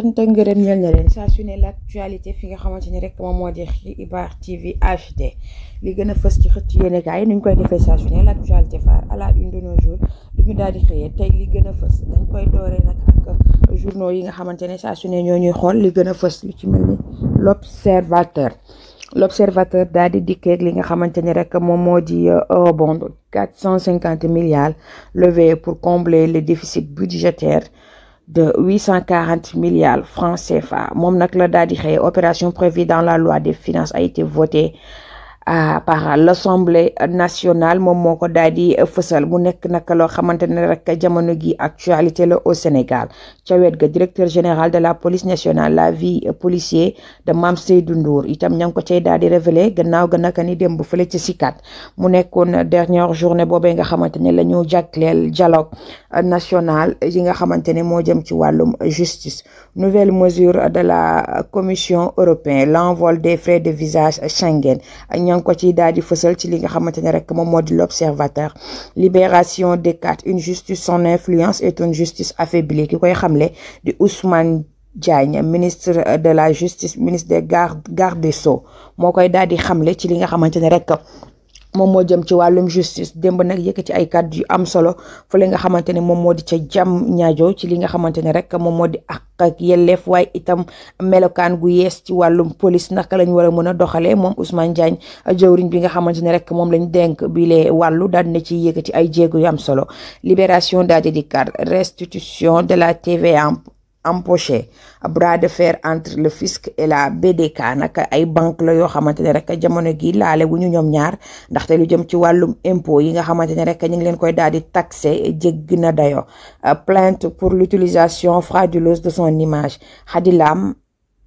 cant ak ngërëm ñel sa suné l'actualité fi nga xamante rek mo mo di Xibaar TV HD li gëna fess ci xët ci yéenekaay ñu koy défé sa suné l'actualité phare à la une de nos jours du ñu daal di xëyee tey li gëna fess fës dañ koy doré nak ak journaux yi nga xamante sa suné su ne ñoo ñuy xol li gëna fess lu ci melni l'observateur l'observateur daal di dikkeeg li nga xamante rek mo mo di rebond euh, 450 milliards levé pour combler le déficit budgétaire de 840 milliards francs CFA Mon la opération prévue dans la loi des finances a été votée par l'Assemblée nationale mom moko ko feussal mu nek nak lo xamantene rek gi actualité au Sénégal ca ga directeur général de la police nationale la vie policier de Mamsé Seydou Ndour itam ña ngi ko cay révélé gannaaw ga naka ni démb fele ci Sikat mu dernière journée boobee nga xamantene lañu la dialogue national yi nga xamantene mo jëm ci justice nouvelle mesure de la commission européenne l'envol des frais de visage Schengen ña ko ci daal di fësal ci li nga rek l'observateur libération des cartes. une justice sans influence est une justice affaiblie ki koy xamle di Ousmane Diagne ministre de la justice ministre des gardes garde des sceaux moo koy daal di xamle ci li nga xamante rek moom moo jëm ci wàllum justice démb nag yëkkati ay kàddu yu am solo fa li nga xamante ne moom moo di ca jam ñaajoo ci li nga xamante rek moom moo di àq ak yelleef waaye itam melokaan gu yees ci wàllum police naka lañ war a mën a doxalee moom ousmane diagne jëwriñ bi nga xamante rek moom lañ denk bi lee wàllu daal na ci yëkkati ay jéego yu am solo libération daal restitution de la TVA empoché bras de fer entre le fisc et la BDK nag ay banque la yo xamante rek jamono gi laale wu ñu ñoom ñaar ndaxte lu jëm ci walum impôt yi nga xamante rek ñu ngi leen koy daal taxer taxé dayo plainte pour l'utilisation frauduleuse de son image Hadilam.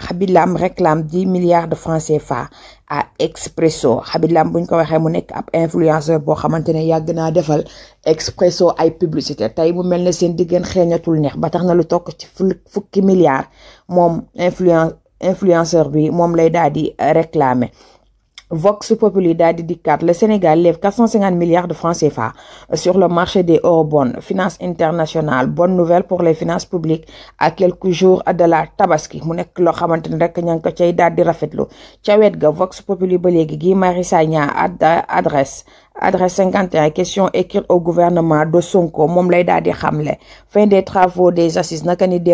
Habib Lam réclame dix milliards de francs fa à Expresso Habib Lam bu ñu ko waxee mu nekk ab influenceur boo xamante ne yàgg naa defal Expresso ay publicité tey mu mel ne seen diggante xeeñatul neex ba tax na lu tokk ci fukki milliards moom influence influenceur bi moom lay daal di réclamer Vox Populi daal 4 le Sénégal lève 450 milliards de francs CFA sur le marché des bonnes. finance internationale bonne nouvelle pour les finances publiques à quelques jours de la tabaski Mounek rek Vox Populi ba légui adresse adresse 51 question écrite au gouvernement de Sonko moom lay daal fin des travaux des assises Nakani ni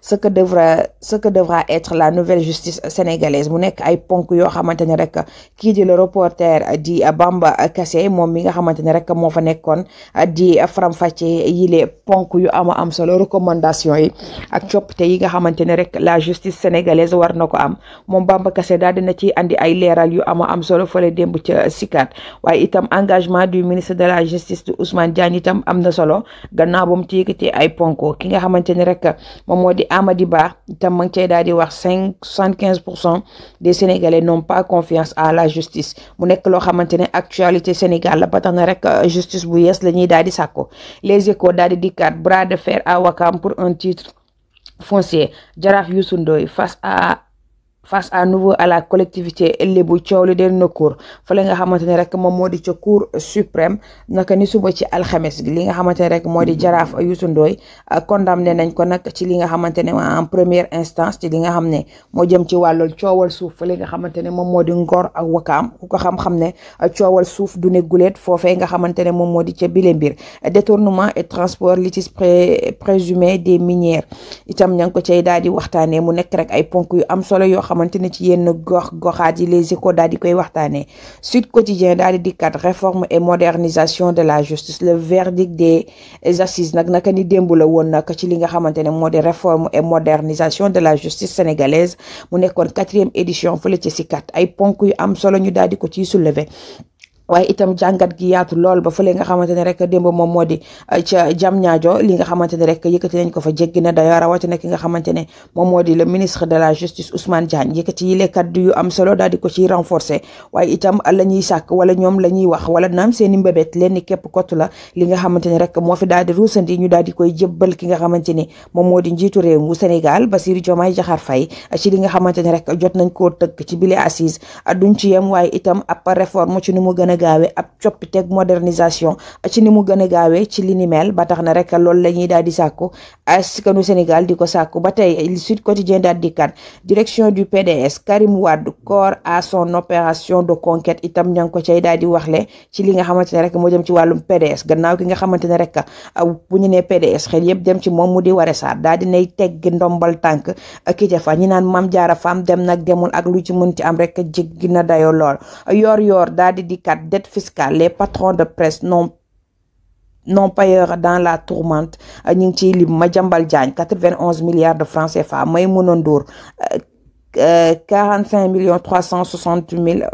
ce que devra ce que devra être la nouvelle justice sénégalaise mu nekk ay ponk yoo xamante le reporter di Bamba Kassé moom mi nga xamante ne rek il est nekkoon di ponk yu ama am solo recommandation yi ak coppite yi nga la justice sénégalaise war am moom Bamba Kassé daal dina andi ay leeral yu ama am solo fële démb ca engagement du ministre de la justice de Ousmane Diagne tam amna gana solo ganna ba mu ay ponko ki nga xamanténi rek mom modi di Ba itam ma ngi des sénégalais n'ont pas confiance à la justice mu nek lo xamanténi actualité Sénégal la euh, justice bu yes la dadi sako les échos d'Adi dicat bras de fer à Wakam pour un titre foncier Jaraf Youssou face à face à nouveau à la collectivité lébu coow li del na cour fële nga xamante ne rek moom moo di ca cour suprême naka ni suba ci alxemes li nga xamante ne rek moo di jaraaf Youssou Ndoye euh, condamné nañ ko nag ci li nga xamante ne en première instance ci li nga xam ne moo jëm ci wàllul coowal suuf fële nga xamante ne moom moo di Ngor ak Wakaam ku ko xam-xam ne euh, coowal suuf du ne guleet foofee nga xamante ne moom moo di ca bile mbir détournement et transport litige présumé des minières itam ña ngi ko cay daal di waxtaanee mu nekk rek ay ponk yu am solo yoo xam Le ci yenn gox les Quotidien réforme et modernisation de la justice le verdict des assises nag ni la nga réforme et modernisation de la justice sénégalaise mu nekkoon quatrième édition yu am solo ñu waaye itam jàngat gi yaatu lool ba fële nga xamante ne rek démb moom moo di uh, ca jam ñaajo li nga xamante ne rek yëkkati nañ ko fa jéggi na dayoo rawatina ki nga xamante ne moom moo di le ministre de la justice Ousmane Diagne yëkkati yi les kaddu yu am solo daal di ko ciy renforcer waaye itam la ñuy sàkk wala ñoom la ñuy wax wala naam seen mbebeet mbébét lenn képp kottu la li nga xamante ne rek moo fi daal di ruusandi ñu daal di koy jébbal ki nga xamante ni moom moo di njiitu réew mu Sénégal Bassirou Diomaye Diakhar Faye ci li nga xamante ne rek jot nañ koo tëgg ci bile assise duñ ci yem waaye itam ab réforme ci nu mu gën a a gaawee ab coppiteg modernisation ci ni mu gën a gaawee ci li ni mel ba tax na rek loolu la ñuy daal di a askanu Sénégal di ko sàkku ba tey Sud Quotidien daal di kat direction du PDS Karim Wade corps a son opération de conquête itam ña ngi ko cay daal di wax le ci li nga xamante ne rek moo dem ci wàllum PDS gannaaw ki nga xamante ne rek bu ñu ne PDS xel yëpp dem ci moom mu di Woré Sarr daal di nay teg ndombal tànk ki ca fa ñi naan Mame Diarra Fam dem nag demul ak lu ci mën ci am rek jéggi na dayo lool dette fiscale les patrons de presse non non payeurs dans la tourmente 91 euh, milliards de francs CFA Maïmouna 45 euh, euh, millions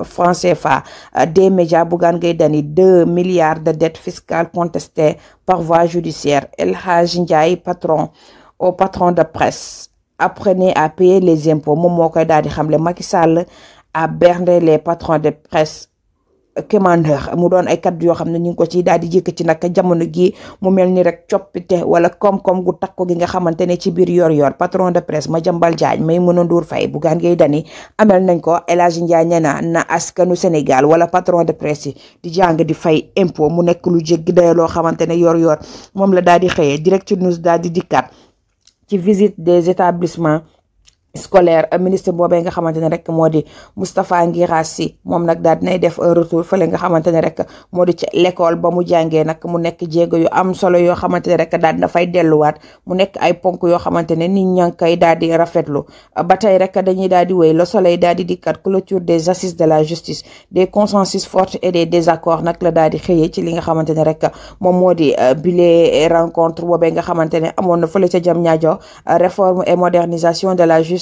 francs CFA des médias Bougane Gueye 2 milliards de dettes fiscales contestées par voie judiciaire El Hadj patron au patron de presse apprenez à payer les impôts moom a berné les patrons de presse commandeur mu doon ay kaddu yoo xam ne ñu ngi ko ci daal di yëkkati nag jamono gi mu mel ni rek coppite wala koom-koom gu takko gi nga xamante ne ci biir yor-yor patron de presse Madiambal Diagne Maimouna Ndour Faye Bougane Gueye Dany amel nañ ko El Hadji Ndiaye nee na na askanu Sénégal wala patron de presse di jàng di fay impôt mu nekk lu jéggi dayo loo xamante ne yor-yor moom la daal di xëyee direct news daal di dikkaat ci visite des établissements scolaire euh, ministre boobee nga xamante ne rek moo di Moustapha Guirassi moom nag daal dinay def euh, retour fële nga xamante ne rek moo di ci l'école ba mu jàngee nag mu nekk jéego yu am solo yoo xamante ne rek daal fay delluwaat mu nekk ay ponk yoo xamante ne nit ñaa ngi koy daal di rafetlu ba tey rek dañuy daal di wéy le soleil daal di dikkat clôture des assises de la justice des consensus forts et des désaccords nag la daal di xëyee ci li nga xamante ne rek moom moo di euh, bile rencontre boobee nga xamante ne amoon na fële ca jam ñaajo réforme et modernisation de la justice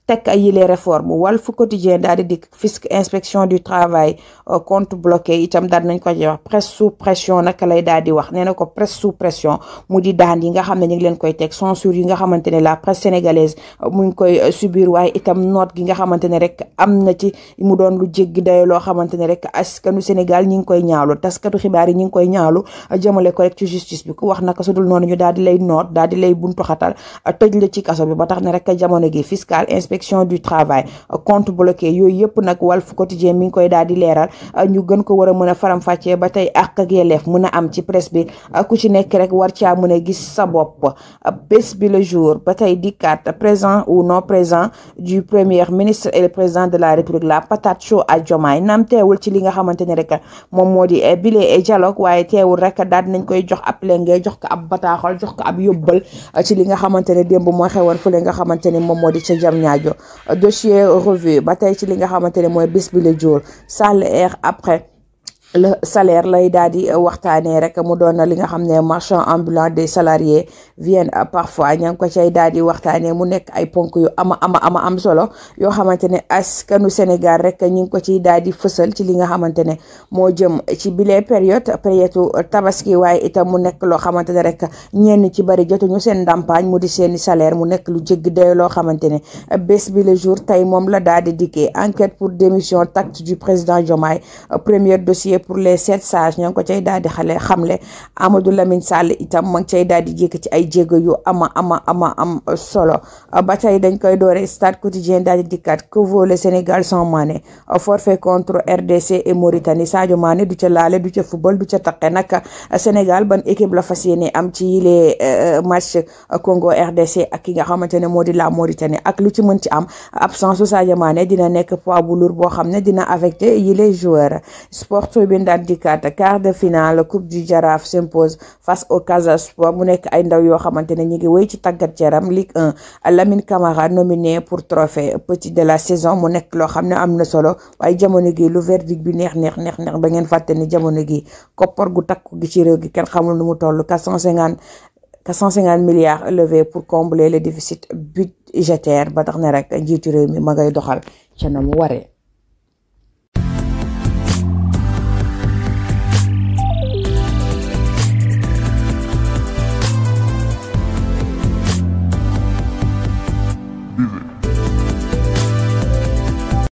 tek ay yile réforme Walf Quotidien dal di fisc inspection du travail euh, compte bloqué itam dal nañ ko ci wax presse sous pression nak lay dal di wax néna ko presse sous pression mu di dal yi nga xam ñu ngi leen koy teg censure yi nga xamante la presse sénégalaise euh, mu ngi koy euh, subir way itam note gi nga xamante ne rek amna ci mu doon lu jéggi day lo xamante rek askanu Sénégal ñi ngi koy ñaawlu taskatu xibaar yi ñi ngi koy ñaawlu jëmale ko rek ci justice bi ku wax nak sudul nonu ñu dal di lay note dal di lay buntu xatal tëj la ci kasso bi ba tax ne rek jamono gi fiscal inspection du travail compte bloqué yooyu yëpp Walf Quotidien mi ngi koy daal di leral ñu gën ko wara mëna faram fàccee ba tey ak yelef mëna am ci presse bi ku ci nekk rek war gis sa bop bi le jour ba di carte présent ou non présent du premier ministre et le président de la république la patate chaude à Diomaye naam teewul ci li nga xamante ni rek moom moo eh, bilé dialogue waye teewul rek daal dinañ koy jox ab lenge jox ko ab bataxol jox ko ab yobbal ci li nga xamante demb mo moo fulé nga xamante mom modi ci dossier revu ba tey ci li nga xamante ne mooy bis bi la jour Sall air après le salaire lay daal di waxtaanee rek mu doon li nga xam ne marchand ambulant des salariés viennent parfois ña ngi ko cay daal di waxtaanee mu nekk ay ponk yu ama ama ama am solo yoo xamante ne kanu Sénégal rek ñu ngi ko ci daal di fësal ci li nga xamante ne moo jëm ci bile période période tabaski waaye itam mu nekk loo xamante ne rek ñenn ci bari jotuñu seen ndàmpaañ mu di seen salaire mu nekk lu jéggi dayo loo xamante ne bés bi le jour tey moom la daal di dikkee enquête pour démission tacte du président Diomaye premier dossier pour les sept sages ñoo ngi ko cay daal di xale xamle Amadou Lamine Sall itam ma ngi cay daal di yëkkati ay jéego yu ama ama ama am solo ba tey dañ koy doore stade quotidien daal di dikkaat que Sénégal sans Mané forfait contre RDC et Mauritanie Sadio Mané du ca laale du ca football du ca taqe nag Sénégal ban équipe la fas yéene am ci les euh, match Congo RDC ak ki nga xamante ne moo di la Mauritanie ak lu ci mën ci am absence su Sadio Mané dina nekk pois bu lourd boo xam ne dina affecté yi les daan Dikata, quart de finale coupe du jaraaf s'impose face au Casa Sport mu nekk ay ndaw yoo xamante Ligue 1 Lamine Camara nominé pour trophée petit de la saison Mounek nekk loo ne solo waaye jamono gi lu verdict bi neex neex neex neex ba ngeen fàtte ni jamono gi gu takku 450 milliards élevés pour combler le déficit budgétaire ba tax na rek njiitu réew mi